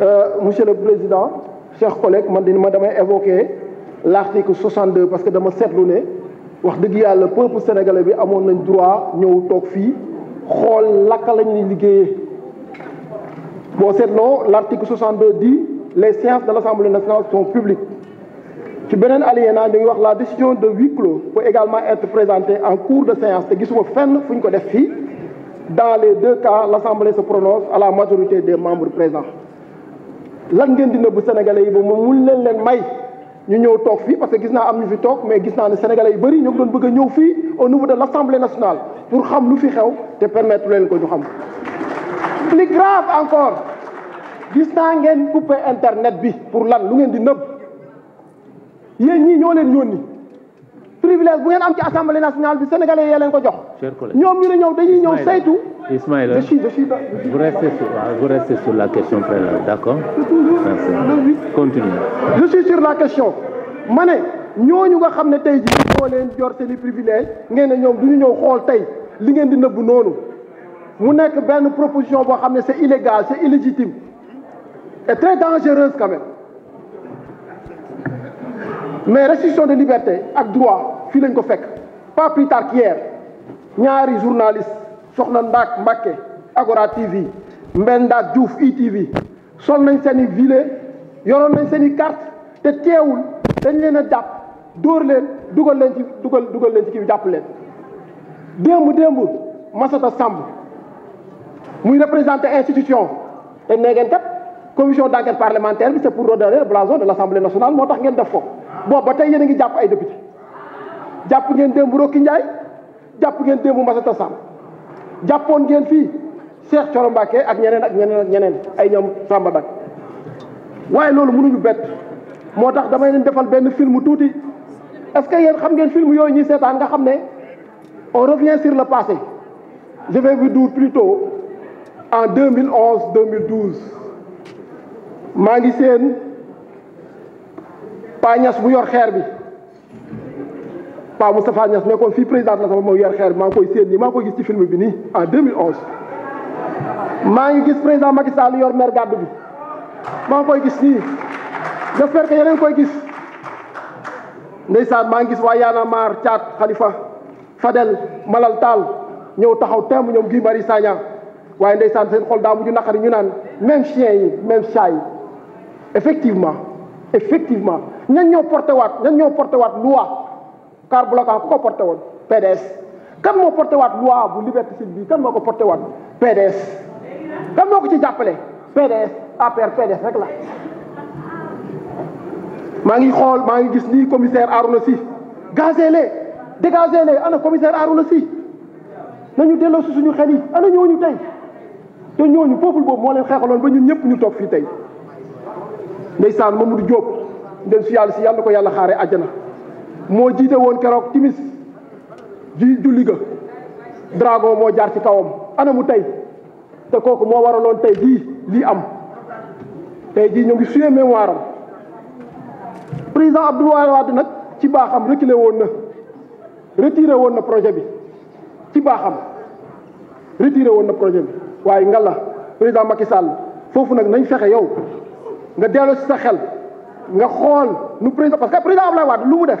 Euh, monsieur le président chers collègues je vais évoquer l'article 62 parce que dama seetlu ne wax dëgg le peuple sénégalais bi amoon droit de faire fii l'article 62 dit les séances de l'Assemblée nationale sont publiques ci beneen alinéa dañuy wax la décision de huis clos peut également être présentée en cours de séance te gisuma fenn fin ko def dans les deux cas l'Assemblée se prononce à la majorité des membres présents lan ngeen di nëbb sénégalais yi ba moom mun leen leen may ñu ñëw parce que gis naa am ñu fi toog mais gis naa ne sénégalais yu bëri ñu ngi doon au niveau de l'Assemblée nationale pour xam lu fi xew te permettre leen ko ñu xam plus grave encore gis naa ngeen coupé internet bi pour lan lu ngeen di nëbb yéen ñii ñoo leen privilège bu nous nationale sénégalais vous ah, sur la question d'accord. je suis sur la question Mané, nous, nga Nous avons nous privilège proposition c'est illégal c'est illégitime et très dangereuse quand même mais restriction de liberté ak droit. fii lañ ko fekk pas plus tard ñaari journaliste soxna Ndaak Mbacke Agora TV Mbenda Diouf ITV sol nañ seen i gilet yoroon nañ seen i te teewul dañ leen a jàpp dóor leen dugal leen ci dugal dugal leen ci kii jàpp leen démb démb Massata Samb muy représenté institution te nee ngeen kat commission d' enquête parlementaire bi c' pour redorer le de l' assemblée nationale moo tax ngeen def ko boobu ba tey yéen a ngi jàpp ay député japp ngeen dembu rokki Ndiaye japp ngeen dembu massa tassam jappon ngeen fi Cheikh Thioro Mbacké ak ñeneen ak ñeneen ak ñeneen ay ñom Samba Dak waaye lolu mënuñu bet motax damay leen defal ben film touti est-ce que yeen xam ngeen film yoy ñi seetaan nga xamne on revient sur le passé je vais vous dire plutôt en 2011 2012 maa ngi seen pañas bu yor xeer bi Paa Moustapha Niass nekkoon fii président de l'Assemblée moo yor xeer maa ngi koy séen nii maa ngi koy gis ci film bi nii en maa ngi gis président Macky Sall yor maire gàddu bi maa ngi koy gis nii j'espère que yeneen koy gis ndeysaan maa ngi gis waa Yaana Mar Thiat Khalifa Fadel Malal Tall ñëw taxaw temb ñoom Guy Marius Sagna waaye ndeysaan seen xol daa mujj naqari ñu naan même chien yi même chat yi effectivement effectivement ñan ñoo porté waat ñan ñoo porté waat loi car bloquant ku ko porté woon PDS kan moo porté waat loi bu liberticide bii kan moo ko porté waat PDS kan moo ko ci jàppale PDS APR PDS rek la maa ngi xool maa ngi gis nii commissaire Arouna Sy gazé le dégagé le ana commissaire Arouna Sy nañu delloo si suñu xel yi ana ñu tey te ñooñu peuple boobu moo leen xeexaloon ba ñun ñëpp ñu toog fii tey ndeysaan Mamadou Diop dem si yàlla si yàlla ko yàlla xaare àjjana moo jiite woon keroog timis ji julli ga dragon moo jaar ci kawam anamu tey te kooku moo waraloon tey jii lii am tey jii ñu ngi suyee mémoire am président Abdoulaye Wade nag ci baaxam reculé woon na retiré woon na projet bi ci baaxam retiré woon na projet bi waaye nga la président Macky Sall foofu nag nañ fexe yow nga delloo si sa xel nga xool nu président parce que président Abdoulaye Wade lu mu def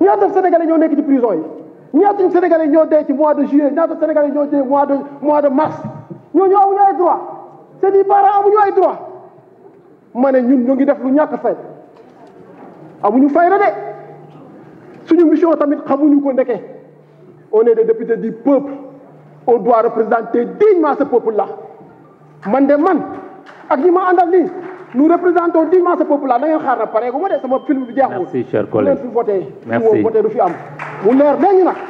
ñaata sénégalais ñoo nekk ci prison yi ñaata sénégalais ñoo dee ci mois de juillet ñaata sénégalais ñoo dee mois de mois de mars ñooñu amuñu ay droit seen i parents amuñu ay droit ma ne ñun ñu ngi def lu ñàkk fay amuñu fay la de suñu mission tamit xamuñu ko ndeke on est des députés du peuple on doit représenter dignement ce peuple là man de man ak ñi ma àndal nous représentons dignement ce peuple là merci merci